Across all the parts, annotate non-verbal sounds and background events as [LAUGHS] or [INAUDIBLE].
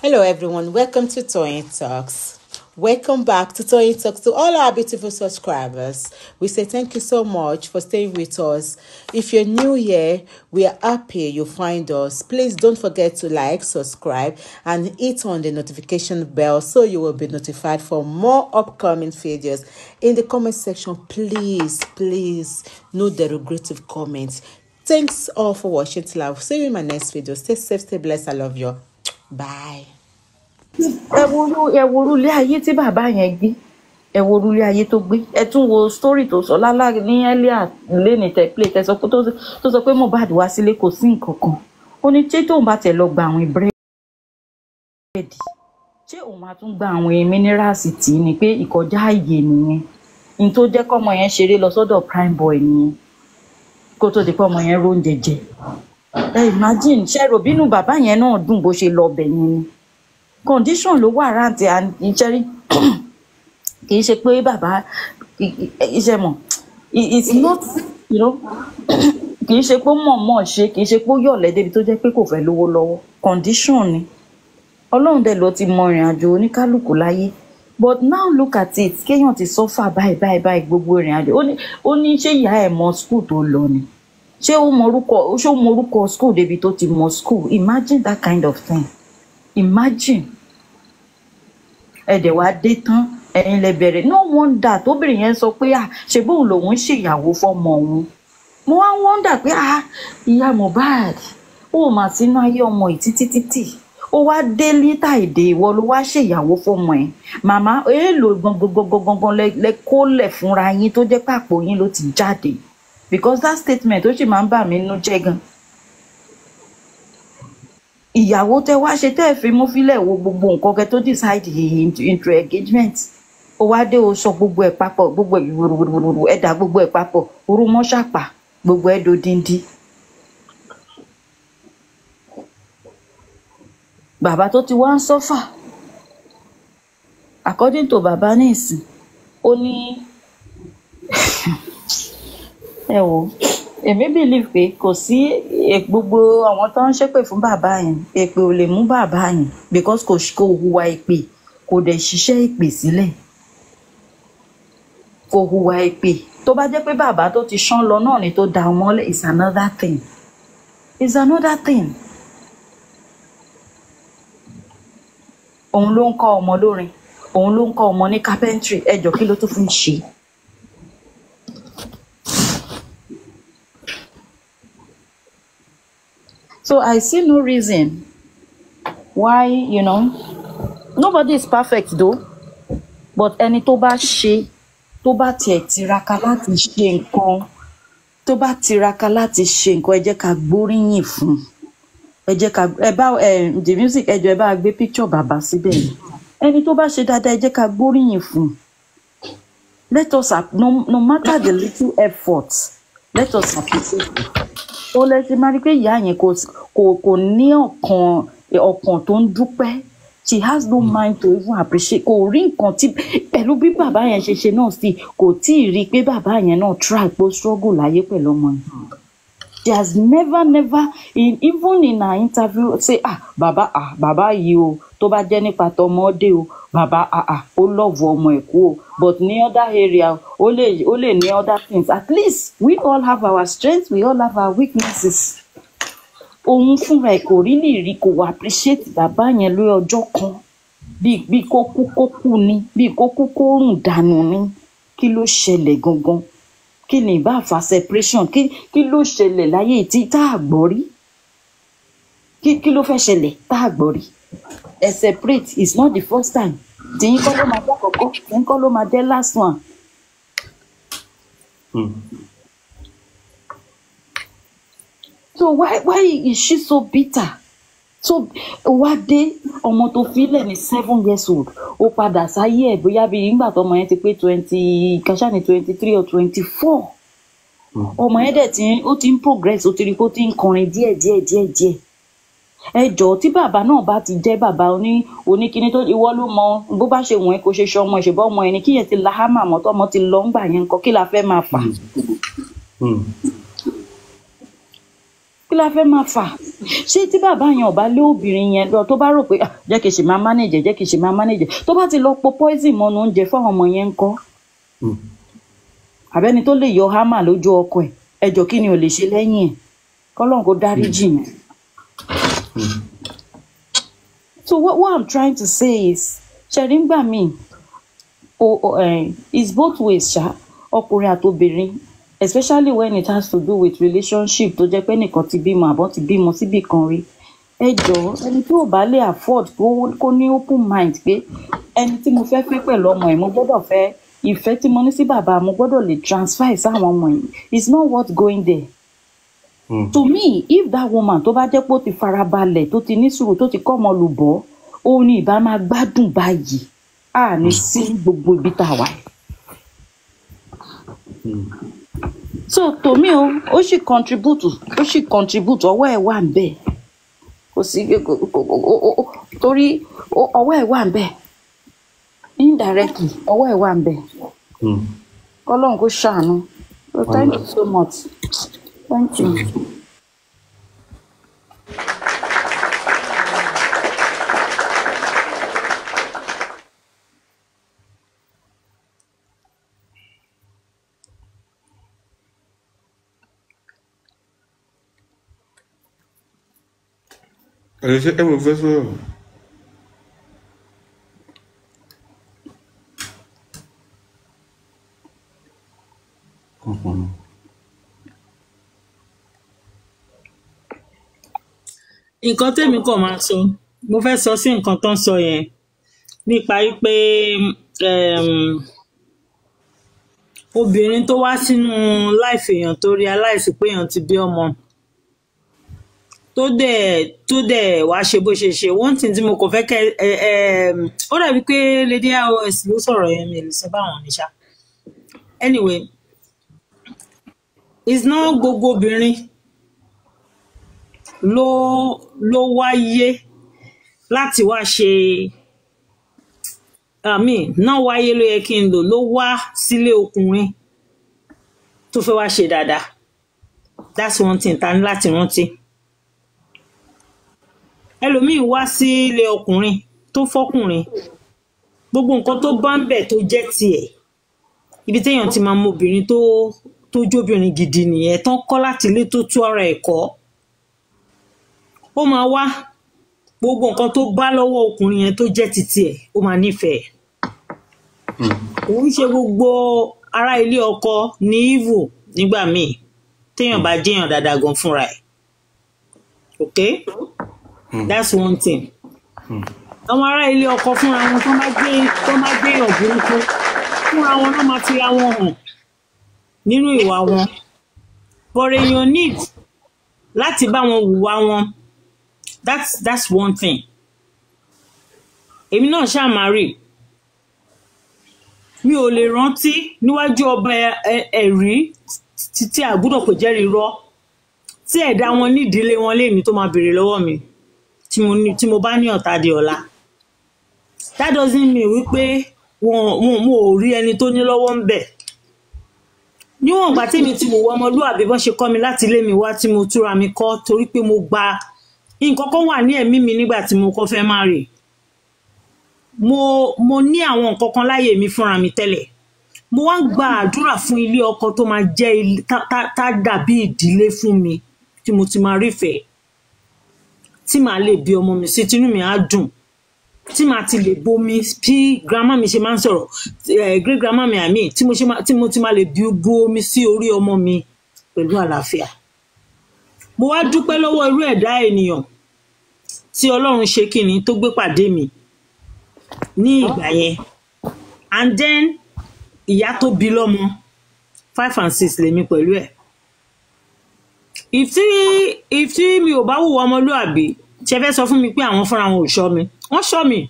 Hello, everyone. Welcome to Toy Talks. Welcome back to Toy Talks to all our beautiful subscribers. We say thank you so much for staying with us. If you're new here, we are happy you find us. Please don't forget to like, subscribe, and hit on the notification bell so you will be notified for more upcoming videos. In the comment section, please, please, no derogative comments. Thanks all for watching till I'll see you in my next video. Stay safe, stay blessed. I love you. bye. ẹ worú ẹ worú ilé ayé tí bàbá yẹn gbé ẹ worú ilé ayé tó gbé ẹ tún wo story tó sọ lálá ní ẹlẹ́à lẹ́ni tẹ play tẹ sọ pé tó sọ pé Mohbad wá sílé kò sí nǹkan kan ó ní ṣé tóun bá tẹ lọ gba àwọn búrẹ́dì ṣé òun á tún gba àwọn mínírààsì tì í ni pé ìkọjá àyè nìyẹn ní tó jẹ́ kọ́mọ yẹn ṣeré lọ sọ́dọ̀ prime boy nìyẹn kó tó di pé yẹn róúnjẹ jẹ ẹ imagine ṣe rò bínú bàbá yẹn náà dùn bó ṣe lọ ọbẹ yẹn ni condition ló wà rántí àníṣẹ́rí [CLEARS THROAT] kì í ṣe pé bàbá iṣẹ́ mọ̀ it's not you know [CLEARS THROAT] kì í ṣe pé mọ̀ọ́mọ̀ ṣe kì í ṣe pé ó yọ̀lẹ́ débi tó jẹ́ pé kò fẹ́ lówó lọ́wọ́ condition ni ọlọ́run dẹ̀ ló ti mọ ìrìn àjò oníkálukú láyé but now look at it kéèyàn ti sọ́fà báyìí báyìí báyìí gbogbo ìrìn àjò ó ní ṣé ìyá ẹ̀ mọ school tó lọ ni ṣé ó mọ orúkọ ṣé ó mọ orúkọ school débi tó ti mọ school imagine that kind of thing imagine ẹ̀dẹ̀ wàá dé tán ẹ̀yin lẹ bẹ̀rẹ̀ no wonder tóbìnrin yẹn sọ pé à ah, ṣe bóun lòun ṣèyàwó fọmọ òun mo wá wonder pé ah ìyá Mohbad ó mà sínú ayé ọmọ yìí títí títí ó wá dé lítà èdè ìwọ ló wá ṣèyàwó fọmọ ẹ màmá èèlò gbọngbọngbọngbọngbọn lẹ kó lẹ fúnra yín tó jẹ́ pé àpò yín ló ti jáde because that statement ó sì máa ń bà mí nú jẹ́ gan ìyàwó tẹ wá ṣe tẹ́ ẹ fi mú fílẹ̀ wo gbogbo nǹkan kẹ tó decide into engagement ó wá dé o sọ gbogbo ẹ̀ papọ̀ gbogbo ẹ̀ wúruwúruwúru ẹ̀ dà gbogbo ẹ̀ papọ̀ orú mọ́ ṣàpà gbogbo ẹ̀ dodindi. bàbá tó ti wá ń sọ́fà according to bàbá ní ìsìn ó ní ẹ wò èmi believe pé kò sí e, gbogbo àwọn tó ń ṣépè fún bàbá yẹn èpè ò lè mú bàbá yẹn because kò kò hùwà èpè kò dẹ̀ ṣiṣẹ́ èpè sílẹ̀ kò hùwà èpè tó bá jẹ́ pé bàbá tó ti ṣán lọ náà ni tó da ọmọlẹ̀ is another thing is another thing òun ló ń kọ́ ọmọ lórin òun ló ń kọ́ ọmọ ní carpentry ẹjọ́ kí ló tún fi ń ṣe. So I see no reason why, you know, nobody is perfect though, but any toba she toba tó bá tiẹ̀ tiraka láti ṣe nǹkan tó bá tiraka láti ṣe nǹkan ẹ jẹ́ ká gbóríyìn fún un ẹ jẹ́ ká ẹ the music ẹ jọ ẹ bá picture bàbá síbẹ̀ any toba she bá ṣe dáadáa ẹ jẹ́ ká let us no, no matter the little efforts let us appreciate it ó lè ti máa rí i pé ìyá yẹn kò kò ní ọkàn ọkàn tó ń dúpẹ́ she has no hmm. mind to even appreciate kò rí nǹkan tí pẹ̀lú bí bàbá yẹn ṣe ṣe náà sí kò tí ì rí i pé bàbá yẹn náà try pé ó struggle láyé pẹ̀lú ọmọ yẹn she has never never in even in her interview say ah Baba, ah Baba, yìí o tó bá jẹ́ nípa tọmọdé o bàbá ah ah ó lọ́ọ̀vù ọmọ ẹ̀ kú o but ní other area ó lè ó lè ní other things at least we all have our strengths we all have our weaknesses òun fúnra ẹ̀ kò rí lè rí kò appreciate bàbá yẹn lórí ọjọ́ kan bíi bíi kó kú kó kú ni bíi kó kú kó rùn dànù ni kí ló ṣẹlẹ̀ gangan kí ni ìbá fa separation kí kí ló ṣẹlẹ̀ láyé tí tá a gbọ́ rí kí kí ló fẹ́ ṣẹlẹ̀ tá a gbọ́ rí ẹ separate is not the first time tí ń kọ́ ló máa jẹ́ àkọ́kọ́ tí ń kọ́ ló máa jẹ́ last one. Hmm. So why why is she so bitter? so wá dé ọmọ tó filẹ̀ ní seven years old ó padà sáyé ẹ̀ bóyá bí nígbà tó ọmọ yẹn ti pé twenty kàṣà ní twenty three or twenty four hmm. ọmọ yẹn dẹ̀ ti ó ti ń progress ó ti rí kó ti ń kọrin díẹ̀ díẹ̀ díẹ̀ díẹ̀ ẹ jọ̀ọ́ tí bàbá náà bá ti jẹ́ bàbá oní oníkíní tó ìwọ ló mọ bó bá ṣe wọ̀n ẹ́ kó ṣe ṣe ọmọ ìṣèbọ ọmọ ẹni kíyẹn ti la hámà mọ́tọ́ ọmọ ti lọ ń gbà yẹn nǹkan kí la fẹ́ máa fà. Hmm. Hmm kí la fẹ́ máa fà ṣé tí bàbá yẹn ò lé obìnrin yẹn lọ tó bá rò pé ah, jẹ́ kí n ṣe máa mánèjẹ jẹ́ kí n ṣe máa mánèjẹ tó bá ti lọ po poison mọ́nu oúnjẹ fáwọn ọmọ yẹn ń kọ́ hmm. àbẹ́ni tó lè yọ hámà lójú ọkọ ẹ̀ ẹjọ́ kí ni ò lè ṣe lẹ́yìn ẹ̀ kọ́lọ́n kó dárí jì mí. Hmm. so what, what i'm trying to say is ṣẹ̀rí ń gbà mí o eh, is both ways ṣá ọkùnrin àtobìnrin especially when it has to do with relationship tó jẹ́ pé nìkan ti bímọ àbọ̀ ti bímọ síbì kan rí ẹ jọ̀ọ́ ẹni tí ò bá lè afford kó ní open mind pé ẹni tí mo fẹ́ fẹ́ pẹ̀lú ọmọ yìí mo gbọ́dọ̀ fẹ́ ìfẹ́ tí mo ní sí bàbá mo gbọ́dọ̀ lè transfer sáwọn ọmọ yìí it's not worth going there. Hmm. to me if that woman tó bá jẹ́ pé ó ti farabalẹ̀ tó ti ní sùúrù tó ti kọ́ ọmọ lùbọ́ òun ni ìbá máa gbádùn báyìí àní sí gbogbo ibi tá a wà. Hmm so tòmí o ó sì contribute ó sì contribute ọwọ́ ẹ̀ wà ń bẹ̀ kò sí torí ọwọ́ ẹ̀ wà ń indirectly ọwọ́ ẹ̀ wà ń bẹ̀ hmm. ọlọ́run kò ṣàánú so thank you so much thank you. Ẹ ṣe ẹ mọ̀ fẹ́ sọ̀rọ̀. Kọ̀ọ̀kan. Nǹkan tèmi kọ̀ máa sọ, mo fẹ́ sọ sí nǹkan tó ń sọ yẹn nípa wípé obìnrin tó wá sínú láìfèèyàn tó realize pé èèyàn ti bí ọmọ tó dẹ̀ tó dẹ̀ wá ṣe bó ṣe ṣe one thing tí mo kò fẹ́ kẹ́ ẹ ẹ um, ó dàbí pé lady ios ló sọ̀rọ̀ yẹn mi sọ báwọn ní ṣá anyway is not gbogbo obìnrin ló ló wáyé láti wá ṣe àmì náà wáyé ló yẹ kí n lò ló wá sílé ọkùnrin tó fẹ́ wá ṣe dáadáa that's one thing ta ní láti rántí ẹlòmíín wá sí ilé ọkùnrin tó fọkùnrin gbogbo nǹkan tó bá ń bẹ̀ tó jẹ́ tiẹ̀ ibi téèyàn ti máa mọ obìnrin tó tó jóbìnrin gidi nìyẹn tán kọ́ láti ilé tó tú ọ̀rọ̀ ẹ̀kọ́ ó máa wá gbogbo nǹkan tó bá lọ́wọ́ ọkùnrin yẹn tó jẹ́ titi ẹ̀ ó máa nífẹ̀ẹ́ òun ṣe gbogbo ará ilé ọkọ ní evil nígbà míì téèyàn bá jẹ́yàn dáadáa gan fúnra ẹ̀ okay. Hmm. that's one thing hmm. àwọn ará ilé ọkọ fúnra wọn tó máa gbé tó máa gbé èèyàn burúkú fúnra wọn náà máa fira wọn hàn nínú ìwà wọn but èèyàn need láti bá wọn hùwà wọn that's that's one thing èmi náà ṣáà máa rí mi ò lè rántí níwájú ọba ẹ̀rí títí àgbúdọ̀ kò jẹ́rìí rọ́ tí ẹ̀dá wọn nídìílé wọn léèmí tó máa béèrè lọ́wọ́ mi tí mo ní tí mo bá ní ọ̀tá di ọ̀la that doesn't mean wípé wọn wọn mo ò rí ẹni tó ní lọ́wọ́ ń bẹ̀ níwọ̀n ìgbà tèmi ti wò wọ́n ọmọlúwàbí bọ́n ṣe kọ́ mi láti ilé mi wá tí mo túra mi kọ́ torí pé mo gba nǹkan kan wà ní ẹ̀mí mi nígbà tí mo kọ́ fẹ́ má rè mo mo ní àwọn nǹkan kan láyè mi fúnra mi tẹ́lẹ̀ mo wá ń gba àdúrà fún ilé ọkọ tó máa jẹ́ tá dàbí ìdílé fún mi tí mo ti máa rífẹ̀ẹ́ tí màá lè bí ọmọ mi sí tínú mi á dùn tí màá ti lè bomi bí grandma mi ṣe máa ń sọ̀rọ̀ eh, great grandma mi àmì tí mo ti máa lè bí bu omi sí orí ọmọ mi pẹ̀lú àlàáfíà mo wá dúpẹ́ lọ́wọ́ irú ẹ̀dá ènìyàn tí Ọlọ́run ṣe kíni tó gbé pàdé mi ní ìgbà yẹn and then ìyá tó bí lọ́mọ five and six lèmi pẹ̀lú ẹ̀ ìtí ìtí mi ò bá wùwọ ọmọlúàbí ṣe fẹ́ sọ fún mi pé àwọn fúnra wọn ò ṣọ́ mi wọ́n ṣọ́ mi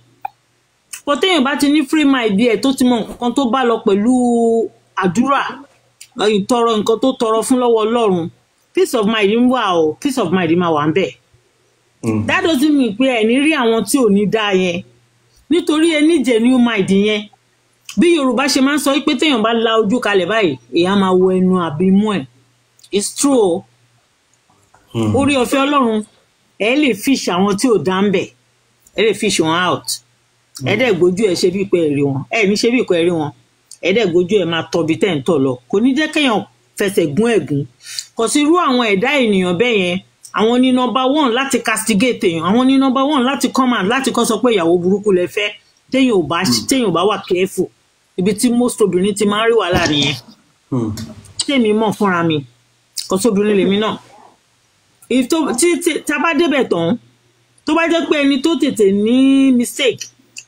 kò téèyàn bá ti ní free mind ẹ̀ tó ti mọ nǹkan tó bá lọ pẹ̀lú àdúrà ìtọrọ nǹkan tó tọrọ fún lọ́wọ́ Ọlọ́run peace of mind ń wà o peace of mind máa wà ń bẹ̀. Mm. that doesn't mi pé ẹni rí àwọn tí ò ní dá yẹn nítorí ẹni jẹ new mind yẹn bí Yorùbá ṣe máa ń sọ pé téèyàn bá la ojú kalẹ̀ báyìí èèyàn máa wo ẹnu àbímú ẹ̀ it's true o Hmm. orí ọ̀fẹ́ Ọlọ́run ẹ lè fish àwọn tí ò dá ń bẹ ẹ lè fish wọn out ẹ dẹ gbójú ẹ ṣe bí ìpẹ ẹrí wọn ẹ ní ṣe bí ìpẹ ẹrí wọn ẹ dẹ gbójú ẹ máa tọbi tẹ ń tọ lọ kò ní jẹ́ kéèyàn fẹsẹ̀ gún ẹ̀gún kò sí irú àwọn ẹ̀dá ènìyàn bẹ́ẹ̀ yẹn àwọn ní nọ́mbà one láti castigate èèyàn àwọn ní nọ́mbà one láti command láti kọ́ sọ pé ìyàwó burúkú lẹ fẹ́ téèyàn ò bá hmm. téèyàn ò bá wà careful ibi tí most obìnrin ti máa ń rí wàhálà nìyẹn tèmi hmm. mọ̀ fúnra mi kò sóbìnrin lèmi náà tí a bá débẹ̀ tán tó bá jẹ́ pé ẹni tó tètè ní mistake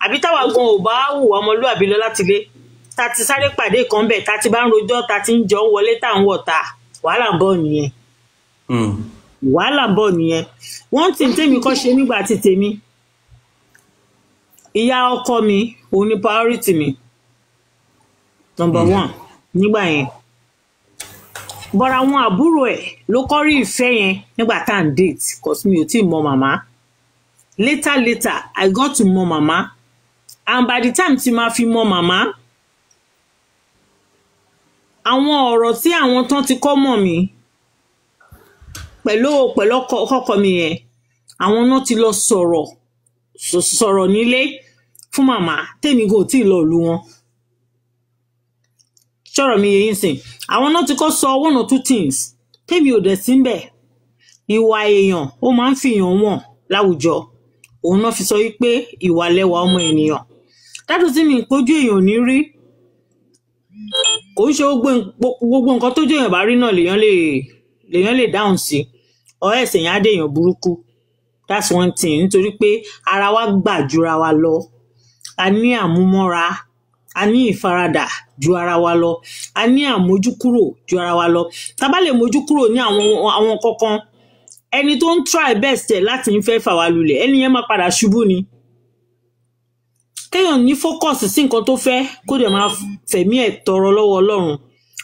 àbí táwa gan ò bá hùwà ọmọlúwàbí lọ láti lé ta ti sáré pàdé kan bẹ̀ ta ti bá ń rojọ́ ta ti ń jọ ń wọlé tá à ń wọ̀ ta wàhálà ń bọ̀ nìyẹn hmm. wàhálà ń bọ̀ nìyẹn wọ́n ti tèmi kọ́ ṣe nígbà tí tèmi ìyá ọkọ mi òun ni priority mi number hmm. one nígbà yẹn bọ́ra àwọn àbúrò ẹ̀ ló kọ́ rí ìfẹ́ yẹn nígbà tá à ń date cause mi ò tí ì mọ màmá later later I got to mọ màmá and by the time tí máa fi mọ màmá àwọn ọ̀rọ̀ tí àwọn tán ti kọ́ mọ̀ mí pẹ̀lú pẹ̀lú ọkọ mi yẹn àwọn náà ti lọ sọ̀rọ̀ sọ̀rọ̀ nílé fún màmá tèmi kò tí ì lọ lù wọn ṣọ̀rọ̀ mi yẹn sìn àwọn náà ti kọ́ sọ one or two things tèmi ò dẹ̀ sí bẹ̀ ìwà èèyàn ó máa ń fìyàn wọ̀n láwùjọ òun náà fi sọ wípé ìwà lẹwà ọmọ ènìyàn dájú tí mi ìpójú èèyàn ní rí kò ń ṣe gbogbo nǹkan tójú èèyàn bá rí náà lèèyàn lè lèèyàn lè dáhùn sí ọ ẹsẹ yẹn á dé èèyàn burúkú that's one thing nítorí pé ara wa gbà jura wa lọ a ní àmúmọ́ra a ní ìfaradà ju ara wa lọ a ní àmójúkúrò ju ara wa lọ tá bá lè mójúkúrò ní àwọn àwọn kankan ẹni tó ń try best ẹ̀ láti ń fẹ́ fà wá lulẹ̀ ẹni yẹn máa padà ṣubú ni kéèyàn ní focus sí nǹkan tó fẹ́ kó dẹ̀ máa fẹ̀mí ẹ̀ tọrọ lọ́wọ́ ọlọ́run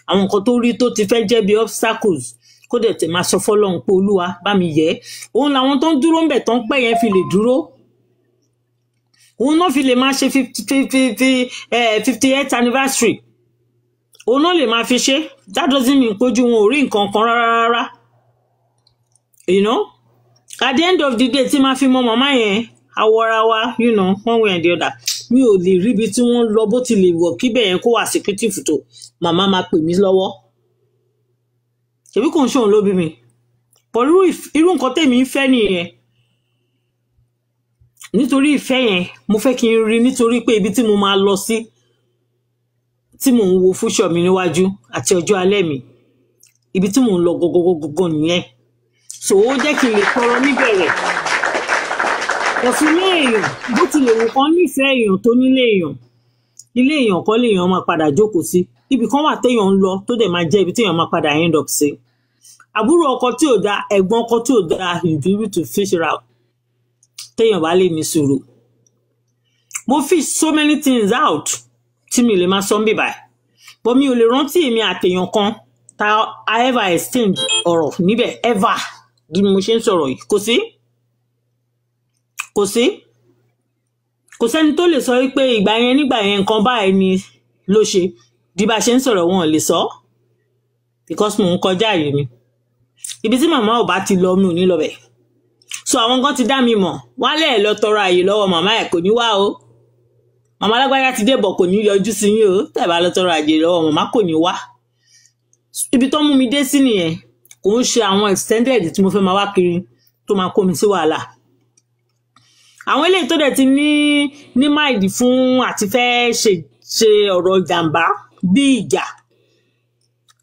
àwọn nǹkan tó rí tó ti fẹ́ jẹ́ bí obstacles kó dẹ̀ tẹ̀ máa sọ fọ́lọ́run pé olúwa bá mi yẹ òun làwọn tó ń dúró ń bẹ̀ tó pẹ́ yẹn fi lè dúró òun náà fi lè máa ṣe fifty eight anniversary òun náà lè máa fi ṣe that doesn't mean pójú wọn ò rí nǹkan kan rárá rárá you know at the end of the day tí máa fi mọ màmá yẹn awọrawa you know one way and the other mi ò lè ríbi tí wọ́n lọ bó ti lè wọ̀ kíbẹ̀ yẹn kó wà secretive tó màmá máa pè mí lọ́wọ́ ṣèbí kò ń ṣòun ló bí mi pọ̀ irú nǹkan tèmi ń fẹ́ nìyẹn nítorí ìfẹ́ yẹn mo fẹ́ kí n rí nítorí pé ibi tí mo máa lọ sí tí mò ń wo fúnṣọ mi níwájú àti ọjọ́ alẹ́ mi ibi tí mò ń lọ gọgọgọgọgọ nìyẹn so ó jẹ́ kí n lè tọrọ níbẹ̀rẹ̀ ọ̀fìnlẹ̀ èèyàn bó tilẹ̀ wù kán nífẹ̀ẹ́ èèyàn tó nílé èèyàn ilé èèyàn kọ́ lèèyàn máa padà jókòó sí ibì kan wà téèyàn ń lọ tó dẹ̀ máa jẹ́ ibi téèyàn máa padà end up sí àbúrò ọkọ tí ò da ẹ̀gbọ́n ọkọ tí ò da you be able to fish it out téèyàn bá lè ní sùúrù mo fi so many things out tí mi ò lè máa sọ ń bì báyìí but mi ò lè rántí èmi àtèèyàn kan ta i ever exchange ọ̀rọ̀ níbẹ̀ ever bí mo ṣe ń sọ̀rọ̀ yìí kò sí kò sí kò sẹ́ni tó lè sọ wípé ìgbà yẹn nígbà yẹn nǹkan báyìí ni ló ṣe bí bá ṣe ń sọ̀rọ̀ wọn lè sọ because mò ń kọjá yìí mi ibi tí màmá ò bá ti lọ mi ò ní lọ bẹ́ẹ̀ so àwọn kan ti dá mi mọ̀ wálẹ̀ lọ tọrọ àyè lọ́wọ́ màmá ẹ̀ kò ní wá o màmá alágbáyà ti débọ̀ kò ní yọjú sí yín o tẹ̀bá lọ tọrọ àyè lọ́wọ́ màmá kò ní wá ibi tó mú mi dé sí nìyẹn kò ń ṣe àwọn extended tí mo fẹ́ máa wá kiri tó máa kó mi sí wàhálà àwọn eléyìí tó dẹ̀ ti ní ní máìdì fún àti fẹ́ ṣe ṣe ọ̀rọ̀ ìjàmbá bí ìjà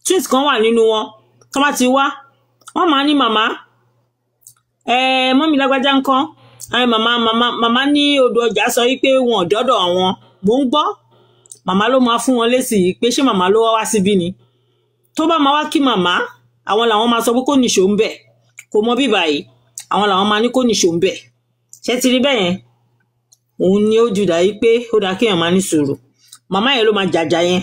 twins kan wà nínú wọn tó bá ti wá wọ́n máa ní màmá Eh, mọ́mí lágbájá ń kán eh, màmá màmá màmá ní odò ọjà sọ wípé wọn ò dọ́dọ̀ àwọn mò ń gbọ́ màmá ló máa fún wọn lésì yìí pé ṣé màmá ló wá wá síbí ni tó bá máa wá kí màmá àwọn làwọn máa sọ pé kò níṣó ń bẹ̀ kò mọ bíbà yìí àwọn làwọn máa ní kò níṣó ń bẹ̀ ṣé ti rí bẹ́ẹ̀ yẹn òun ni ó jùdà yìí pé ó dáa kéèyàn máa ní sùúrù màmá yẹn ló máa jàjà yẹn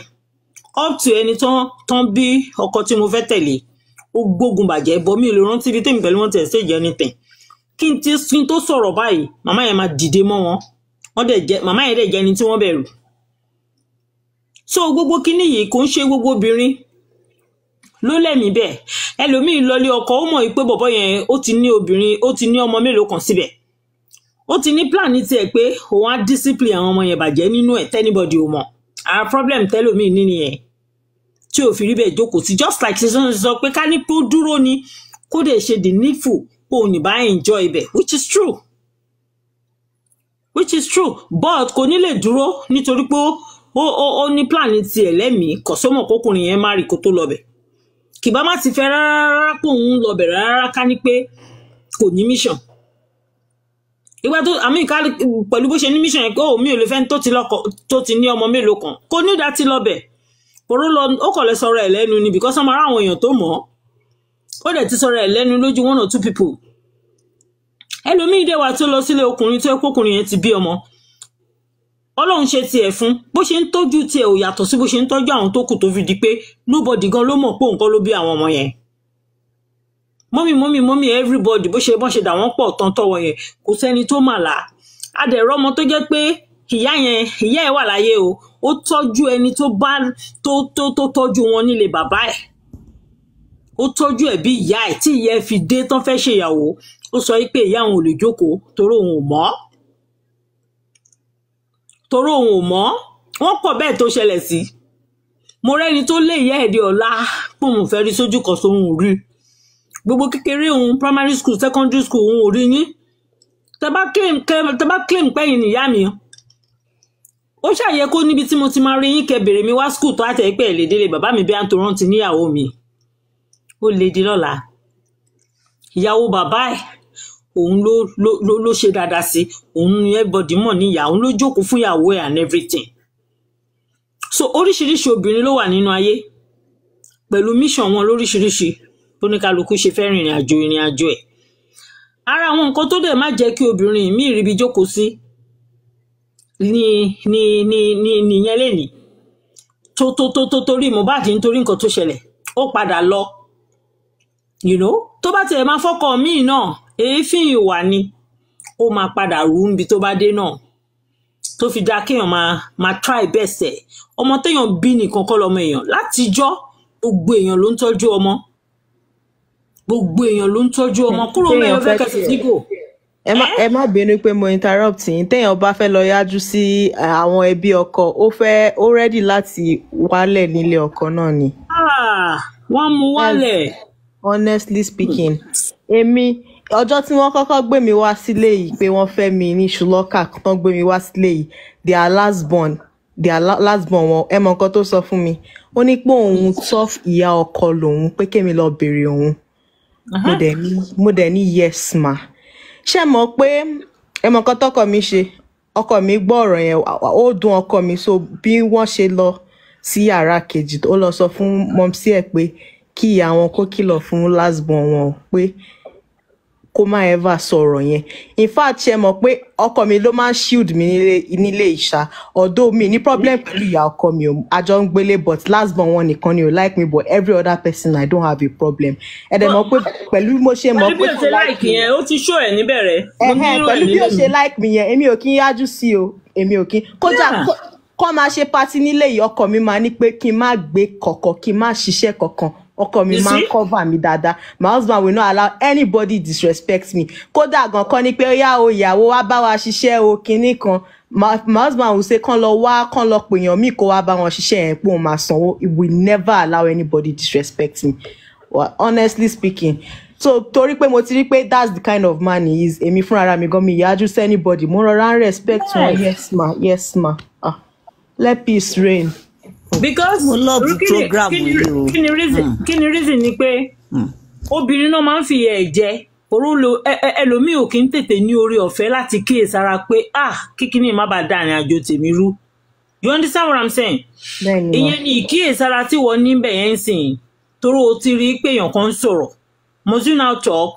up to ẹni tán tán bí ọkọ tí mo fẹ́ tẹ̀lé ó gbógun bàjẹ́ bọ́ mi ò lè rántí ibi tèmi pẹ̀lú wọn tẹ̀ ṣe ìjẹ́ ní tẹ̀ kí n ti kí n tó sọ̀rọ̀ báyìí màmá yẹn máa dìde mọ́ wọn wọ́n dẹ̀ jẹ́ màmá yẹn dẹ̀ jẹ́ ẹni tí wọ́n bẹ̀rù so gbogbo kíní yìí kò ń ṣe gbogbo obìnrin ló lẹ́mìí bẹ́ẹ̀ ẹlòmíì lọlé ọkọ ó mọ̀ pé bọ̀bọ̀ yẹn ó ti ní obìnrin ó ti ní ọmọ mélòó kan síbẹ̀ ó ti ní plan tiẹ̀ pé òun á discipline àwọn ọmọ yẹn bàjẹ́ nínú ẹ̀ tẹ́nibọ̀dì ò mọ̀ àwọn problem tẹ́lòmíì ní nìyẹn tí ò rí bẹ́ẹ̀ jókòó sí just like ṣe sọ pé ká ní kó dúró ni kó dẹ̀ ṣe the needful kó o ní bá enjoy ibẹ̀ which is true which is true but kò ní lè dúró nítorí pé ó ó ó ní plan tiẹ̀ lẹ́mìí kọ̀sọ́mọ̀ kókùnrin yẹn má rí kó tó lọ bẹ̀ kì bá má ti fẹ́ rárá kó òun lọ bẹ̀ rárá ká ní pé kò ní mission ìgbà tó àmì ìka pẹ̀lú bó ṣe ní mission yẹn kó omi oh, ò lè fẹ́ tó ti ní ọmọ mélòó kan kò ní ìdá ti lọ kóró lọ ó kọ̀ lọ sọ̀rọ̀ ẹ̀ lẹ́nu ni because ọmọ ara àwọn èèyàn tó mọ̀ ó dẹ̀ ti sọ̀rọ̀ ẹ̀ lẹ́nu lójú one or two people ẹlòmíín dé wa tó lọ sílé ọkùnrin tó ẹkọ ọkùnrin yẹn ti bí ọmọ ọlọ́run ṣe tiẹ̀ fún bó ṣe ń tọ́jú tiẹ̀ ò yàtọ̀ sí bó ṣe ń tọ́jú àwọn tó kù tó fi di pé nobody gan ló mọ̀ pé òun kọ́ ló bí àwọn ọmọ yẹn mọ́mì mọ́mì mọ́mì everybody bó ṣe bọ́n ṣe dà wọ́n pọ̀ tán tọ́wọ́ yẹn kò sẹ́ni tó mà là á dẹ̀ rọ́mọ tó jẹ́ pé ìyá yẹn ìyá ẹ̀ wà láyé o ó tọ́jú ẹni tó bá tó tó tó tọ́jú wọn nílé bàbá ẹ̀ ó tọ́jú ẹ̀ bí ìyá ẹ̀ tí ìyá ẹ̀ fi dé tán fẹ́ ṣèyàwó ó sọ pé ìyá òun ò lè jókòó torí òun ò mọ̀ torí òun ò mọ̀ wọ́n pọ̀ bẹ́ẹ̀ tó ṣẹlẹ̀ sí mo rẹ́ni tó lé ìyá ẹ̀ di ọ̀la pé òun fẹ́ rí sójú kan sóhun rí gbogbo kékeré òun primary school secondary school òun ò rí yín tẹ bá claim pẹ́yìn nìyá mi ó ṣàyẹ kó níbi tí mo ti máa rí yín kẹbèrè mi wá skul tó àtẹ pẹ lè délé bàbá mi bí à ń torán ti níyàwó mi ó lè di lọ́la ìyàwó bàbá ẹ òun ló ló ló ṣe dáadáa sí òun ni everybody mọ̀ níyà òun ló jókòó fún ìyàwó ẹ and everything so oríṣiríṣi obìnrin ló wà nínú ayé pẹ̀lú mission wọn lóríṣiríṣi bóníkálukú ṣe fẹ́ rìnrìn àjò ìrìn àjò ẹ̀ ara àwọn nǹkan tó dẹ̀ má jẹ́ kí obìnrin mi ríbi jókòó sí ni ni ni ni nìyẹn lè ní tó tó tó tó torí Mohbad nítorí nǹkan tó ṣẹlẹ̀ ó padà lọ you know tó bá tiẹ̀ máa fọ́kọ míì náà èéfín ìwà ni ó máa padà rú níbi tó bá dé náà tó fi dáa kéèyàn máa máa try best ẹ̀ ọmọ téèyàn bí nìkan kọ́ lọ́mọ èèyàn látijọ́ gbogbo èèyàn ló ń tọ́jú ọmọ gbogbo èèyàn ló ń tọ́jú ọmọ kúrò mẹ́rin fẹ́ kẹsì sígò. Eh? ẹ má bínú pé mo interrupt yín téèyàn bá fẹ́ lọ yájú sí eh, àwọn ẹbí ọkọ ó fẹ́ ó rẹ́dì láti wálẹ̀ nílé ọkọ náà ni. Ah, wọ́n mú wálẹ̀. honestly speaking èmi ọjọ́ tí wọ́n kọ́kọ́ gbé mi wá sílé yìí pé wọ́n fẹ́ mi ní ṣùlọ́kà tán gbé mi wá sílé yìí their last born their last born wọn ẹ mọ nǹkan tó sọ fún mi ó ní pé òun tọ́ ìyá ọkọ lòun pé kémi lọ béèrè òun uh-huh. mo dẹ̀ ní yes ma ṣe mọ̀ pé ẹ mọ̀ nǹkan tọkọ mi ṣe ọkọ mi gbọ́ ọ̀rọ̀ yẹn ó dùn ọkọ mi so bí wọ́n ṣe lọ sí yàrá kejì ó lọ sọ fún mọ́mísí ẹ̀ pé kí àwọn kó kìlọ̀ fún lásbọ̀n wọn pé kó má ever sọ yẹn in fact ṣe mọ̀ pé ọkọ mi ló máa ń shield mi nílé ìṣá ọ̀dọ́ mi ní problem pẹ̀lú ìyá ọkọ mi o àjọ ń gbélé but last born wọn nìkan ni o like me but every other person i don't have a problem ẹ dẹ̀ mọ̀ pé pẹ̀lú mo ṣe mọ̀ pé pẹ̀lú bí o ṣe like yẹn ó ti show ẹ̀ níbẹ̀rẹ̀ pẹ̀lú bí o ṣe like mi yẹn èmi ò kí ń yájú sí o èmi ò kí ń kódà kọ́ máa ṣe pati nílé ìyọkọ mi máa ní pé kí n má gbé kọ̀kọ̀ kí n má ṣiṣẹ́ kankan ọkọ mi máa ń cover mi dáadáa my husband will not allow anybody disrespect me kódà gan kọ́ ni pé ó yá o ìyàwó wá bá wa ṣiṣẹ́ o kinní kan my husband will say kán lọ wá kán lọ pèèyàn míì kó wá bá wọn ṣiṣẹ́ yẹn pé òun máa sanwó he will never allow anybody disrespect me well, honestly speaking so torí pé mo ti rí pé that's the kind of man he is èmi fúnra mi gan mi ìyájú sí anybody mo rọra ń respect wọn yes ma yes ma ah let peace reign because mo love the program yìí o kí reason hmm. kini reason ni pé hmm. obìnrin náà máa ń eje ẹ̀jẹ̀ lo ẹlòmíì ò kí ń tètè ní orí ọ̀fẹ́ láti kíyèsára pé ah kikini ma bàa da àrìn àjò tèmi rú you understand what i'm saying. ìyẹn ni ìkíyèsára tí wọ́n níbẹ̀ yẹn ń sìn toró o ti rí i pé kan ń must you now talk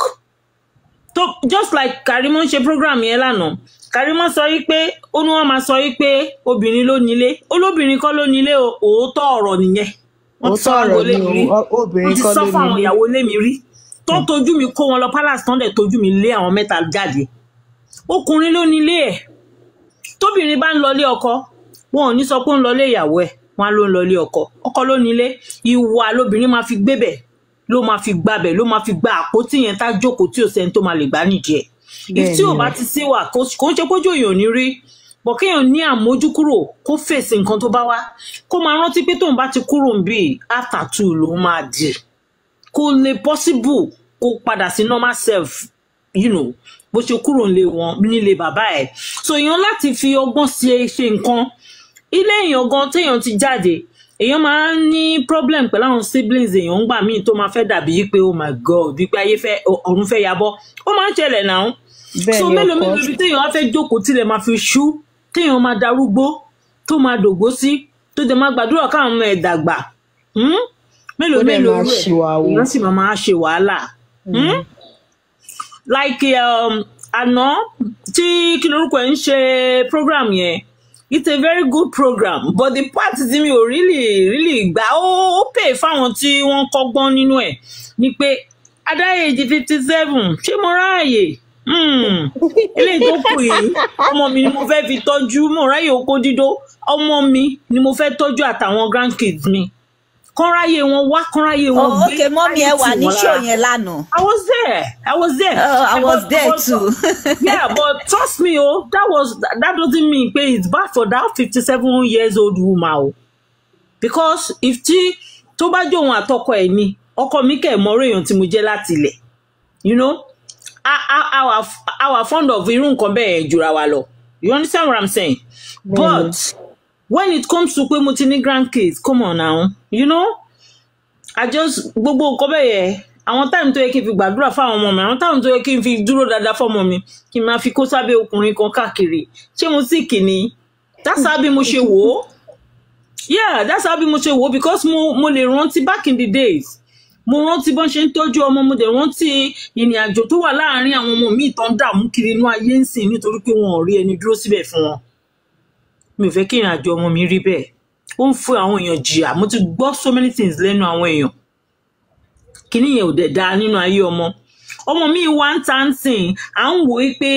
to just like Karimo ṣe program yẹn lánàá Karimo sọ yìí pé ó ní wọ́n máa sọ wípé obìnrin ló nílé olóbìnrin kọ́ ló nílé òótọ́ ọ̀rọ̀ nìyẹn wọ́n ti sọ àwọn ilé mi rí wọ́n ti sọ fún àwọn ìyàwó ilé mi rí tó hmm. tójú mi kó wọn lọ palace tán dẹ̀ tójú mi lé àwọn mẹ́ta jáde ọkùnrin ló nílé ẹ̀ tóbìnrin bá ń lọlé ọkọ wọn ò ní sọ pé ń lọlé ìyàwó ẹ̀ wọn ló ń lọlé ọkọ ọkọ ló nílé ìwà lóbìnrin máa fi gbébẹ̀ ló máa fi gbabẹ̀ ló máa fi gba àpótí yẹn tá jókòó tí ò sẹ́ni tó máa lè gbá nìjẹ́ ìtí ò bá ti síwà kò ń ṣe kójú èèyàn ní rí bọ̀ kéèyàn ní àmójúkúrò kó fèsì nǹkan tó bá wá kó máa rántí pé tóun bá ti kúrò ń bì àtàtù ló máa di kó lè possible kó padà sí normal self you know, bó ṣe kúrò nílé wọn nílé bàbá ẹ̀ so èèyàn láti fi ọgbọ́n ṣe ṣe nǹkan ilé èèyàn gan téèyàn ti jáde èèyàn máa ń ní problem pẹ̀lú àwọn siblings èèyàn ń gbà míì tó máa fẹ́ dàbí pé oh my god wípé ayé fẹ́ ọ̀run fẹ́ yabọ́ ó máa ń ṣẹlẹ̀ náà so mélòó mélòó ibi téèyàn á fẹ́ jókòó tilẹ̀ máa fi ṣú kéèyàn máa darúgbó tó máa dògbó sí tó dẹ̀ máa gbàdúrà káwọn ọmọ ẹ̀ dàgbà hmm? mélòó mélòó rẹ̀ ìyẹn sì máa ṣe wàhálà hmm? Hmm. like um, àná tí kí lorúkọ ẹ̀ ń ṣe program yẹn it's a very good program but the part tí mi ò really really gbà ó ó pè fáwọn tí wọ́n kọ́gbọ́n nínú ẹ̀ ni pé adáyèjì fifty seven ṣé mo ráàyè. Hmm. eléyìí tó kù yìí ọmọ mi ni mo fẹ́ fi tọ́jú mo ráyè oko dídó ọmọ mi ni mo fẹ́ tọ́jú àtàwọn grandkids mi kọ́nráyé wọn wá kọ́nráyé wọn oh, gbé ok mọ́mí ẹ wà ní show yẹn lánàá. I was there I was there. Oh, I was there too. [LAUGHS] yeah but trust me o oh, that was that doesn't mean pé it's bad for that fifty seven years old woman o oh. because if tí tó bá jó òun àtọkọ ẹ ni ọkọ mi kẹ mọ orí èèyàn tí mo jẹ láti ilẹ̀ you know our our fond of irú nǹkan bẹ́ẹ̀ jura wa lọ you understand what i'm saying mm. but when it comes to pé mo ti ní grandkids come on now you know i just gbogbo nǹkan bẹ́ẹ̀ yẹ àwọn táìmù tó yẹ kí n fi gbàdúrà fáwọn ọmọ mi àwọn táìmù tó yẹ kí n fi dúró dáadáa fọmọ mi kí n máa fi kó sábẹ́ ọkùnrin kan káàkiri ṣé mo sì kìíní that's how bí mo ṣe wò ó yeah that's how bí mo ṣe wò ó because mo mo lè rántí back in the days mo rántí bọ́n ṣe ń tọ́jú ọmọ mo dẹ̀ rántí ìrìn àjò tó wà láàárín àwọn ọmọ míì tó ń dààmú kiri inú ayé ń sìn nítorí pé wọn ò rí ẹni dúró síbẹ̀ fún wọn mi ò fẹ́ kí ìrìn àjò ọmọ mi rí bẹ́ẹ̀ ó ń fún àwọn èèyàn jìyà mo ti gbọ́ so many things lẹ́nu àwọn èèyàn kíní yẹn ò dẹ̀ dáa nínú ayé ọmọ ọmọ mi wá ń ta ń sìn à ń wò ó pé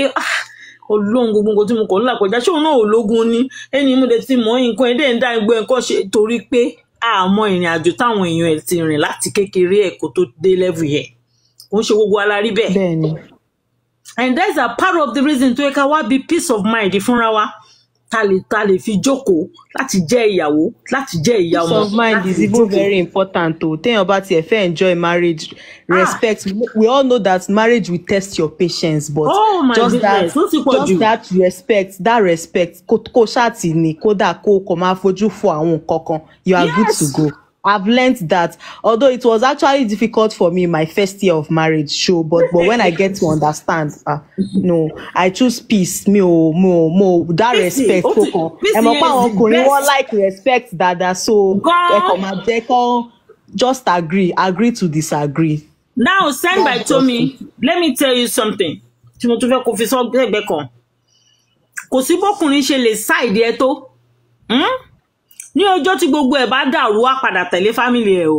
olóhùn ah, gbogbo nǹkan tí mo kọ̀ ń là kọjá ṣé òun náà ò lógun ni ẹni mo dẹ̀ ti mọ̀ nǹkan ẹ̀ dẹ̀ ń dá ẹgbẹ́ nǹkan ṣe torí pé àmọ́ ìrìn àjò táwọn èèyàn ẹ̀ ti rìn láti kékeré ẹ̀ kó tó dé lẹ́vù yẹn kò ń ṣe gbogbo alárí bẹ́ẹ̀. and that's a part of the reason to yẹ ká be peace of mind fúnra wa ta lè ta lè fi jókòó láti jẹ́ ìyàwó láti jẹ́ ìyá ọmọ láti jókòó. peace of mind is even very important o téèyàn bá tiẹ̀ fẹ́ enjoy marriage ah! respect ah. we all know that marriage will test your patience but oh just goodness. that just you. that respect that respect kó ṣáàtì ni kódà kó kò máa fojú fo àwọn nǹkan kan you are yes. good to go. I've learned that although it was actually difficult for me my first year of marriage show but but when I get to [LAUGHS] understand uh, no I choose peace me ò mo mo that respect oh, koko ẹ mọ̀ pé àwọn like respect dada so ẹ just agree agree to disagree. now send by Tommy. let me tell you something tí mo tún fẹ́ kó fi sọ ẹgbẹ́ kan kò sí bọ́kùnrin ṣe lè ṣáìdí ẹ tó. Hmm? ní ọjọ́ tí gbogbo ẹ̀ bá dàrú wá padà tẹ̀lé fámìlì ẹ̀ o.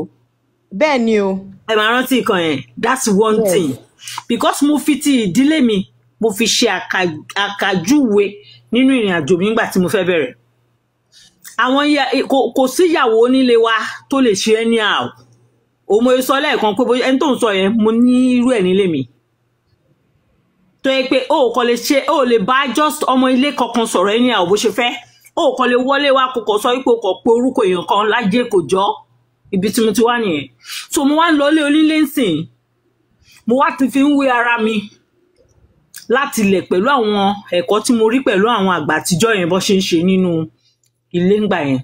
bẹ́ẹ̀ ni o. ẹ máa rántí nǹkan yẹn that's one yes. thing because mo fi ti ìdílé mi mo fi ṣe àkàjúwe nínú ìrìn àjò mi nígbà tí mo fẹ́ bẹ̀rẹ̀ àwọn kò síyàwó onílé wa tó lè ṣe ẹni àwò òmò sọ lẹ́ẹ̀kan pé ẹni tó ń sọ yẹn mo ní irú ẹ̀ nílé mi tó yẹ pé o kò lè ṣe o lè bá just ọmọ ilé kankan sọ̀rọ̀ ẹni àwò bó ṣe fẹ́ ó kàn lè wọlé wa kò kọ̀ sọ wípé o kọ̀ pé orúkọ èèyàn kan lájẹ́ kò jọ́ ibi tí mo ti wá nìyẹn so mo wá ń lọlé onílé nsìn mo wá ti fi ń wé ara mi láti lẹ̀ pẹ̀lú àwọn ẹ̀kọ́ tí mo rí pẹ̀lú àwọn àgbà àtijọ́ yẹn bó ṣe ń ṣe nínú ilé ńgbà yẹn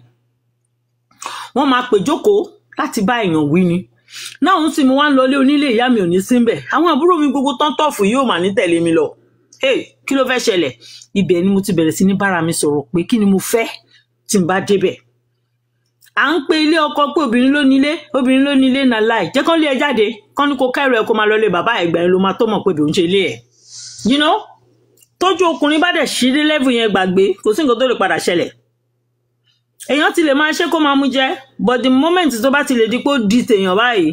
wọ́n máa pè jókòó láti bá èèyàn wí ni náà ń sìn mo wá ń lọlé onílé ìyá mi ò ní sí ń mi gbogbo tán tọ̀fù yóò mà ní tẹ̀lé mi lọ hey kí ló fẹ́ ṣẹlẹ̀ ibẹ̀ ni mo ti bẹ̀rẹ̀ sí ní bára mi sọ̀rọ̀ pé kí ni mo fẹ́ tí n bá débẹ̀ à ń pe ilé ọkọ pé obìnrin ló nílé obìnrin ló nílé náà láì jẹ́ kán lé ẹ jáde kán ní kó kẹ́rù ẹ kó máa lọlé bàbá ẹgbẹ́ ẹ ló máa tó mọ̀ pé bòun ṣe lé ẹ you know tójú ọkùnrin bá dẹ̀ ṣí dé lẹ́vù yẹn gbàgbé kò sí nǹkan tó lè padà ṣẹlẹ̀ èèyàn ti lè máa ṣe kó máa mú jẹ but the moment tó bá ti lè di pé ó di tèèyàn báyìí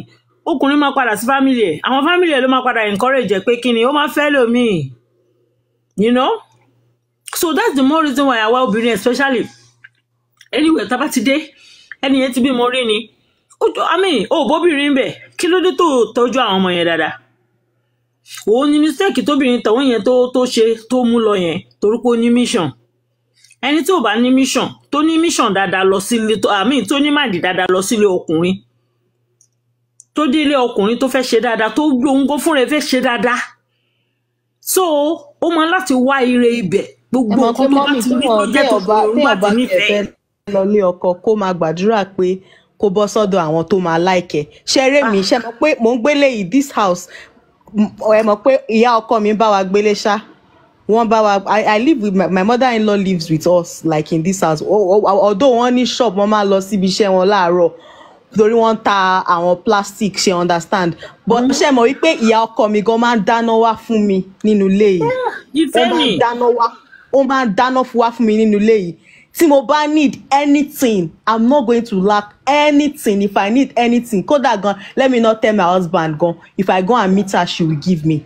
ọkùnrin máa padà sí family ẹ àwọn family ẹ ló máa padà encourage ẹ pé kí ni ó máa fẹ́ lómìn you know so that's the more reason why àwa obìnrin especially anyway tá a bá ti dé ẹni yẹn ti bímọ rí ni àmì òbóbìnrin bẹ kí ló dé tó tọ́jú àwọn ọmọ yẹn dáadáa òun ni mistake tóbìnrin tọ̀hún yẹn tó tó ṣe to mú lọ yẹn torí pé ó ní mission ẹni tí ò bá ní mission tó ní mission dáadáa lọ sílé àmì tó ní màdì dáadáa lọ sílé ọkùnrin tó dé ilé ọkùnrin tó fẹ́ ṣe dáadáa tó gbóngó fúnra ẹ fẹ́ ṣe dáadáa so ó máa láti wá ire ibẹ̀ gbogbo nǹkan tó bá ti rí lọ́jọ́ tó kúrò bá ti nífẹ̀ẹ́. lọ lé ọkọ kó máa gbàdúrà pé kó bọ́ sọ́dọ̀ àwọn tó máa láìkẹ́ ṣeré mi ah. ṣe mọ̀ pé mò ń gbélé yìí this house ẹ mọ̀ pé ìyá ọkọ mi bá wa gbélé ṣá wọ́n bá wa I, i live with my, my mother in law lives with us like in this house although wọ́n ní shop wọ́n máa lọ síbi iṣẹ́ wọn láàárọ̀ torí wọ́n ń ta àwọn plastic ṣe understand but mm-hmm. ṣe mọ̀ wípé ìyá ọkọ mi gan máa ń dáná wá fún mi nínú ilé yìí ó máa ń dáná wá ó máa ń dáná wá fún mi nínú ilé yìí tí mo bá need anything i'm not going to lack anything if i need anything kódà gan let me not tell my husband gan if i go and meet her she will give me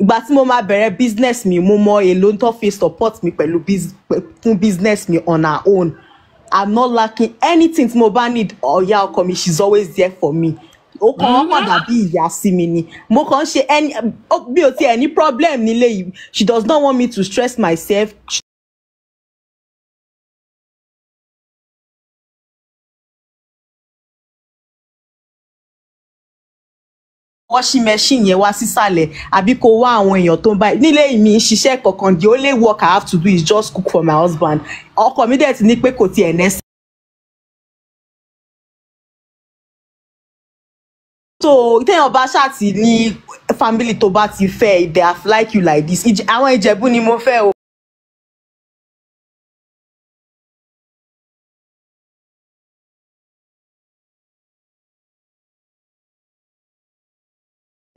ìgbà tí mo máa bẹ̀rẹ̀ business mi mo mọ èlò tó fi support mi pẹ̀lú fún business mi on her own i'm not lacking anything tí mo bá need ọ̀yá ọkọ mi she's always there for me ó kàn wọ́n padà mm-hmm. bí ìyá sí mi ni mo kàn ń ṣe bí o tiẹ̀ ní problem nílé yìí she does not want me to stress myself washing machine yẹn wá sísàlẹ̀ àbí kó wá àwọn èèyàn tó ń bá nílé mi ń ṣiṣẹ́ kankan the only work I have to do is just cook for my husband ọkọ mi dẹ̀ ti ní pé kò tiẹ̀ nẹ́sẹ̀. so téèyàn bá ṣáà ní family tó bá ti fẹ́ they have like you like this àwọn Ìjẹ̀bú ni mo fẹ́ o.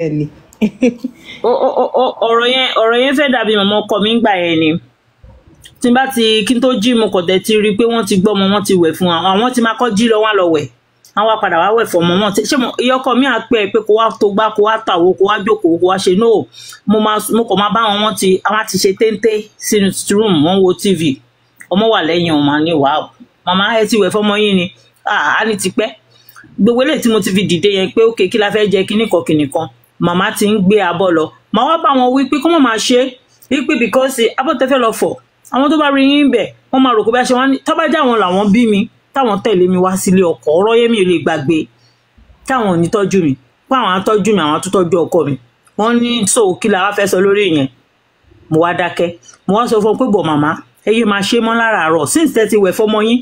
bẹ́ẹ̀ni. ọ̀rọ̀ yẹn ọ̀rọ̀ yẹn fẹ́ dàbí màmá ọkọ mi ń gbà yẹn ni tí n bá ti kí n tó jí mo kọ̀ tẹ̀ ti rí i pé wọ́n ti gbọ́ ọmọ wọn ti wẹ̀ fún wa àwọn ti máa kọ́ jí lọ wá lọ wẹ̀ àwọn apàdà wá wẹ̀ fún ọmọ wọn ṣé ìyọkọ mi à pé pé kó wá tó gbá kó wá tàwo kó wá jókòó kó wá ṣe no mo máa mo kọ̀ máa bá wọn wọn ti àwọn ti ṣe téńté sínú room wọn wo tv ọmọ wà lẹ́yìn ọmọ ní wàá màmá ẹ ti wẹ̀ fọmọ yín ni àá ah, ní ti pẹ́ gbogbo eléyìí tí mo ti fi dìde yẹn pé ókè kí la fẹ́ jẹ kíní kan màmá ti ń gbé abọ́ lọ màá wá bá wọn wí pé kó má máa ṣe é wí pé because abọ́ tẹ́ fẹ́ lọ fọ̀ àwọn tó bá rí yín bẹ̀ wọ́n máa rò pé bá ṣe wọ́n ní tó wọn làwọn bí mi táwọn tẹ̀lé mi wá sílé ọkọ ọ̀rọ̀ yẹn mi ò lè gbàgbé táwọn ò ní tọ́jú mi pé àwọn atọ́jú mi àwọn atútọ́jú ọkọ mi wọ́n ní so kí la wá fẹ́ sọ lórí ìyẹn mo wá dákẹ́ mo wá sọ fún pé bọ̀ màmá ẹ máa ṣe mọ́ láràárọ̀ since tẹ́ ti wẹ̀ fọmọ yín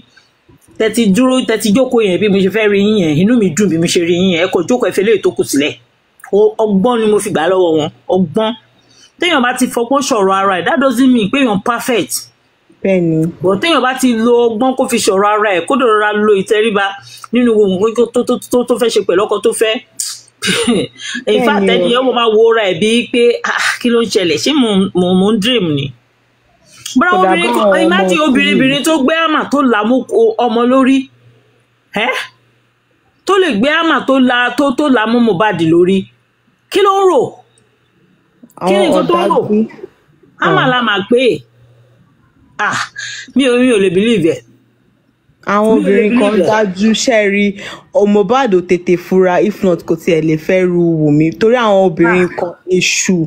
tẹ́ ti dúró tẹ́ ti jókòó yẹn bí mo ṣe fẹ́ rí yín yẹn inú mi dùn bí mo ṣe rí yín yẹn ẹ kò jókòó ẹ fẹ́ lè tó kù sílẹ̀ ọgbọ́n ni mo fi gbà lọ́wọ́ wọn ọgbọ́n téèyàn bá ti fọpọ́n sọ̀rọ̀ ara ẹ̀ that doesn't mean pé èèyàn perfect bẹ́ẹ̀ni bọ̀ téèyàn bá ti lo ọgbọ́n kó fi sọ̀rọ̀ ara ẹ̀ kó dòrora lo ìtẹríba nínú gbogbo tó tó fẹ́ ṣe pẹ̀lú ọkọ tó fẹ́ [LAUGHS] in fact ẹni yẹn mo máa wo ra ẹ bíi pé ah, kí ló ń ṣẹlẹ̀ ṣé mo mo ń dream ni bọ́dà obìnrin kan imájì obìnrin tó gbé àmà tó là mú ọmọ lórí tó lè gbé àmà tó la tó tó là mú Mohbad lórí kí ló ń rò kí ni nǹkan tó ń rò ámà ah. la máa pè é ah mi ò mi ò lè believe ẹ. àwọn obìnrin kan dájú sẹ́ẹ̀rí Mohbad ò tètè fura if not kò tiẹ̀ lè fẹ́ ru Wùmí torí àwọn obìnrin ah. kan èṣù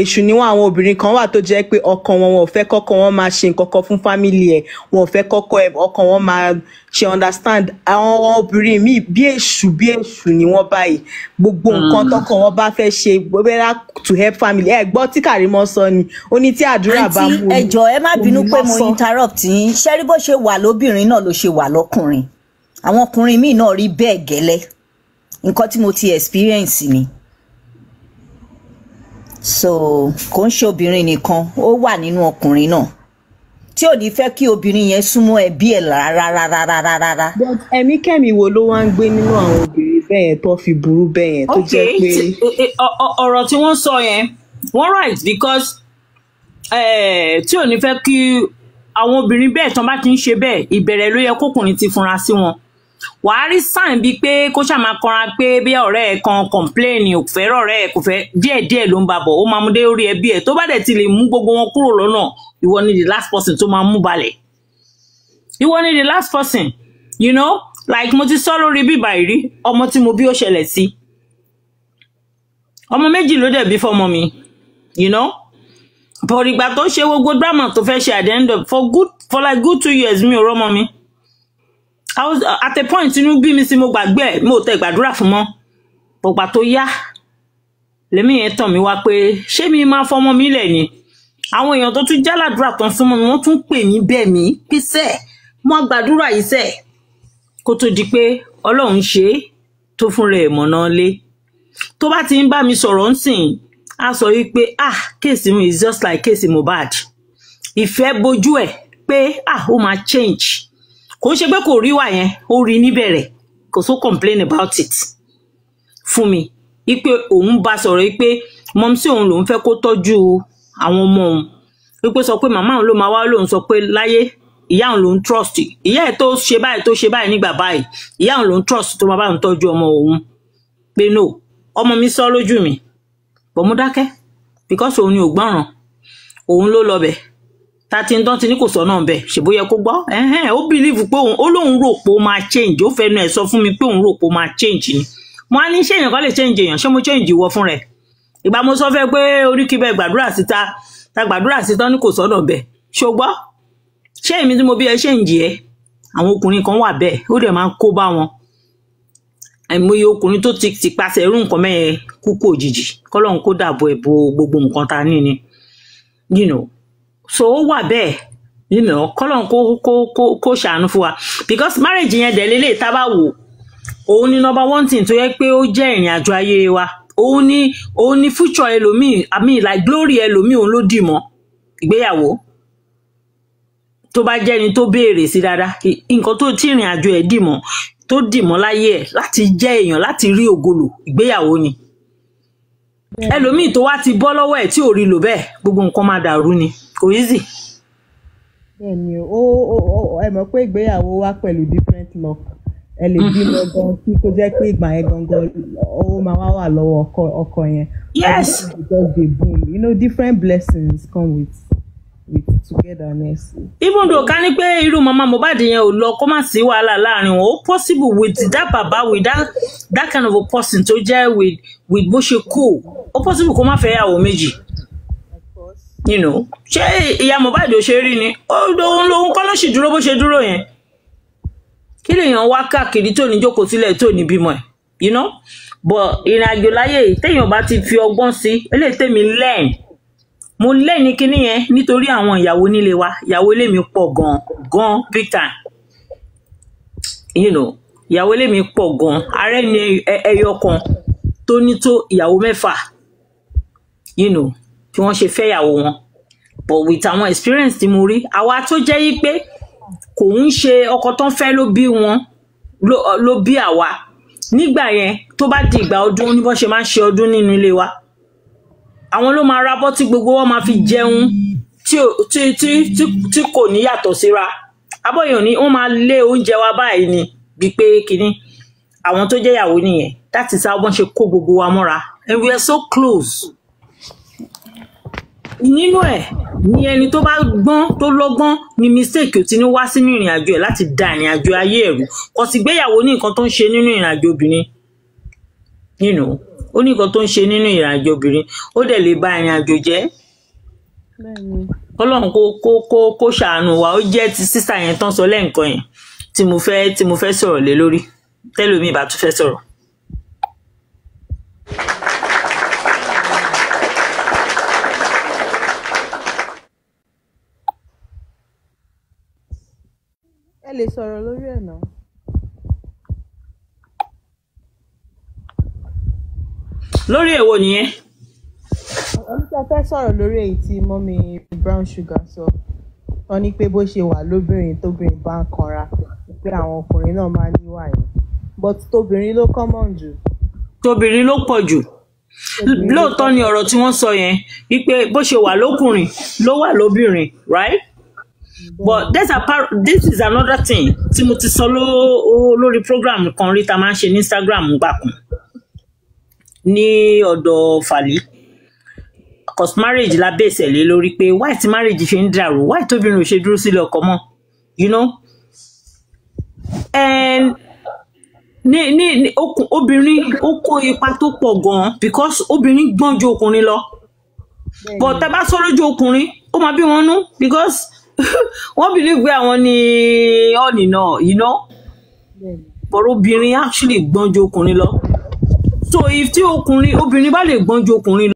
èṣù níwọ̀n àwọn obìnrin kan wà tó jẹ́ pé ọkàn wọn wọn ò fẹ́ kọ́kọ́ wọn máa ṣe nǹkan kan fún fámìlì ẹ̀ wọn ò fẹ́ kọ́kọ́ ẹ̀ ọkàn wọn máa ṣe understand àwọn obìnrin míì bí èṣù bí èṣù ni wọ́n báyìí gbogbo hmm. nǹkan tọkàn wọn bá fẹ́ ṣe bẹ́ẹ̀rẹ́ to help family ẹ̀ gbọ́ tí Kàrímọ́ sọ ni ó ní tí àdúrà bá mú un. àǹtí ẹjọ ẹ má bínú pé mo interrupt yín ṣẹ́rí bó ṣe wà lóbìnrin náà ló ṣe wà lọ́kùnrin àwọn ọkùnrin míì náà rí bẹ́ẹ̀ gẹ́lẹ́ nǹkan tí mo ti experience ni. Mm so kò ń ṣe obìnrin nìkan ó wà nínú ọkùnrin náà tí ò ní fẹ́ kí obìnrin yẹn súnmọ́ ẹbí ẹ̀ rárárárárárá. but ẹ̀mí kẹ́mi wo ló wá ń gbé nínú àwọn obìnrin bẹ́ẹ̀ yẹn tó fi burú bẹ́ẹ̀ yẹn tó jẹ́ pé. E, e, ọ̀rọ̀ tí wọ́n sọ yẹn wọ́n right because eh, tí ò ní fẹ́ kí àwọn obìnrin bẹ́ẹ̀ tán bá ti ń ṣe bẹ́ẹ̀ ìbẹ̀rẹ̀ ló yẹ kókùnrin ti funra sí wọn wà á rí sign bíi pé kó ṣàmà kanra pé bí ọ̀rẹ́ ẹ̀ kan complain ò fẹ́ràn ọ̀rẹ́ ẹ̀ kò fẹ́ díẹ̀díẹ̀ ló ń bá bọ̀ ó máa mú dé orí ẹbí ẹ̀ tó bá dẹ̀ ti lè mú gbogbo wọn kúrò lọ́nà ìwọ ni the last person tó máa mú balẹ̀ ìwọ ni the last person you know like mo ti sọ lórí bíbà ìrí ọmọ tí mo bí ó ṣẹlẹ̀ sí ọmọ méjì ló dẹ̀ bí fọmọ mi you know but ìgbà tó ṣe gbogbo drama tó fẹ́ ṣe at the end of for good for like good two years mi ò rọ́mọ mi. Uh, at a point inú bí mi sí mo gbàgbé ẹ̀ mo tẹ gbàdúrà fún mọ́ ọ̀pá tó yá lèmi yẹn tàn mí wá pé ṣé mi máa fọmọ mi lẹ̀ ni àwọn èèyàn tó tún jáládùúrà tán súnmọ́ mi wọ́n tún pè mí bẹ́ẹ̀ mí písẹ́ mo gbàdúrà yìí sẹ́ kó tó di pé ọlọ́run ṣe é tó fúnra ẹ̀ mọ̀nà lé tó bá ti ń bá mi sọ̀rọ̀ ń sìn á sọ wípé ah kéèsì mi is just like kéèsì Mohbad ìfẹ́ bojú ẹ̀ pé ah ó máa change kò ń ṣe pé kò rí wà yẹn ó rí níbẹ̀rẹ̀ kò tó complain about it fún mi ipe òun bá sọ̀rọ̀ pé mọ́mísí òun lòun fẹ́ kó tọ́jú àwọn ọmọ òun wípé sọ pé màmá òun ló máa wá lòun sọ pé láyé ìyá òun lòun trust ìyá ẹ̀ tó ṣe báyìí tó ṣe báyìí nígbà báyìí ìyá òun lòun trust tó máa bá òun tọ́jú ọmọ òun pé no ọmọ mi sọ lójú mi bọ̀ dákẹ́ because òun ni ò gbọ́ràn òun ló lọ bẹ̀ tàti ń dọ́ntì ní kò sọ́nà ọ̀bẹ ṣèbó yẹ kó gbọ́ ó bìlíìfù pé òun ó lóun rò pé ó máa change ó fẹnu ẹ̀ sọ fún mi pé òun rò pé ó máa change ni mo á ní ṣé èèyàn kan lè change èèyàn ṣé mo change ìwọ fún rẹ ìgbà mo sọ fẹ́ pé oríkì bẹ́ẹ̀ gbàdúrà síta ta gbàdúrà síta ní kò sọ́nà ọ̀bẹ ṣó gbọ́ ṣé èmi tí mo bí ẹ change ẹ àwọn ọkùnrin kan wà bẹ́ẹ̀ ó dẹ̀ máa ń kó bá wọn àìmọye ọkùnrin tó ti ti pàṣẹ irú nǹkan mẹ́yẹn kúkú òjijì kọ́lọ́run kó dàbọ̀ ẹ̀bọ gbogbo nǹkan ta ní ni you know so ó wà bẹ́ẹ̀ you know kọ́lọ́n kó kó kó kó ṣàánú fún wa because marriage yẹn dẹ̀ lélẹ̀ tá a bá wò òun ni number one thing tó yẹ pé ó jẹ́ ìrìn àjò ayé wa òun ni òun ni future ẹlòmíì i mean like glory ẹlòmíì òun ló dì mọ́ ìgbéyàwó tó bá jẹ́ni tó béèrè sí dáadáa nǹkan tó tí ìrìn àjò ẹ̀ dì mọ́ tó dì mọ́ láyé ẹ̀ láti jẹ́ èèyàn láti rí ògolo ìgbéyàwó ni ẹlòmíì tó wá ti bọ́ lọ́wọ́ ẹ̀ tí ò rí lò bẹ́ẹ̀ gbogbo nǹkan máa dàrú ni kò easy. bẹ́ẹ̀ni o ẹ mọ̀ pé ìgbéyàwó wá pẹ̀lú different luck ẹ lè [LAUGHS] bímọ gan kí kó jẹ́ pé ìgbà yẹn gangan owó máa wá wà lọ́wọ́ ọkọ yẹn. yes. i just dey boom you know different blessings come with with togetherness. even though can you pé irú mama mobile? Yeah, ò lọ kó see. sí wàhálà láàrin possible with that baba with that that kind of a person tó jẹ́ with with bó cool, kú ó possible kó má fẹ́ yàwó méjì you know she, yeah, mobile ò ṣe rí Oh, don't lòun kọ́ ló ṣì dúró bó ṣe dúró yẹn kí lèèyàn wá káàkiri tó ní jókòó sílẹ̀ tó ní bímọ ẹ̀ you know but ìrìnàjò láyé téèyàn bá ti fi ọgbọ́n sí eléyìí tèmi lẹ́yìn mo lẹ́ni kinní yẹn nítorí àwọn ìyàwó nílé wa ìyàwó ilé mi pọ̀ gan gan big time you know ìyàwó ilé mi pọ̀ gan ààrẹ ni ẹyọ kan tó ní tó ìyàwó mẹ́fà you know tí wọ́n ṣe fẹ́ ìyàwó wọn but with àwọn experience tí mo rí àwa tó jẹ́ yí pé kò ń ṣe ọkọ tán fẹ́ ló bí wọn ló bí àwa nígbà yẹn tó bá di ìgbà ọdún ní bọ́n ṣe máa ń ṣe ọdún nínú ilé wa àwọn ló máa rabọ́ tí gbogbo wọn máa fi jẹun tí kò ní yàtọ̀ síra abọ́yàn ni wọ́n máa lé oúnjẹ wa báyìí ni bí pé kínní àwọn tó jẹ́ ìyàwó nìyẹn that is how wọ́n ṣe kó gbogbo wa mọ́ra and we are so close nínú ẹ̀ ni ẹni tó bá gbọ́n tó lọ́gbọ́n ni mistake ò ti ní wá sínú ìrìn àjò ẹ̀ láti da ìrìn àjò ayé ẹ̀rú kò sì gbéyàwó ní nǹkan tó ń ṣe nínú ìrìn àjò obìnrin you know ó ní nǹkan tó ń ṣe nínú ìrìnàjò obìnrin ó dẹ̀ lè ba ìrìnàjò jẹ́ ọlọ́run kó kó kó kó ṣàánú wa ó jẹ́ ti sísà yẹn tán sọ lẹ́ǹkan yẹn tí mo fẹ́ tí mo fẹ́ sọ̀rọ̀ lé lórí tẹ́lómi ìbá tún fẹ́ sọ̀rọ̀. ẹ lè sọ̀rọ̀ lórí ẹ̀ náà. lórí èwo nìyẹn. oníṣẹ́ fẹ́ sọ̀rọ̀ lórí èyí tí mọ́mí brown sugar sọ wọ́n ní pé bó ṣe wà lóbìnrin tóbìnrin bá ń kanra pé àwọn ọkùnrin náà máa ń níwà yẹn but tóbìnrin ló common jù. tóbìnrin ló pọ̀ jù lóòótọ́ ni ọ̀rọ̀ tí wọ́n sọ yẹn wípé bó ṣe wà lókùnrin ló wà lóbìnrin right but that's a part this is another thing tí mo ti sọ lórí program kan rí ta máa ń ṣe ní Instagram gbà ní ọ̀dọ̀ Fàlí cause marriage la bẹ́sẹ̀ lé lórí pé why tí marriage ṣe ń dàrú why tóbìnrin ò ṣe dúró sílé ọkọ mọ́ you know and ní ní okùn obìnrin ó kó ipa tó pọ̀ gan because obìnrin gbọ́n ju ọkùnrin lọ but tá a bá sọ lójú ọkùnrin ó máa bí wọn nú because [LAUGHS] wọ́n believe pé àwọn ni ọ̀nìnà you know but obìnrin actually gbọ́n ju ọkùnrin lọ so if tí ọkùnrin obìnrin bá lè gbọ́n ju ọkùnrin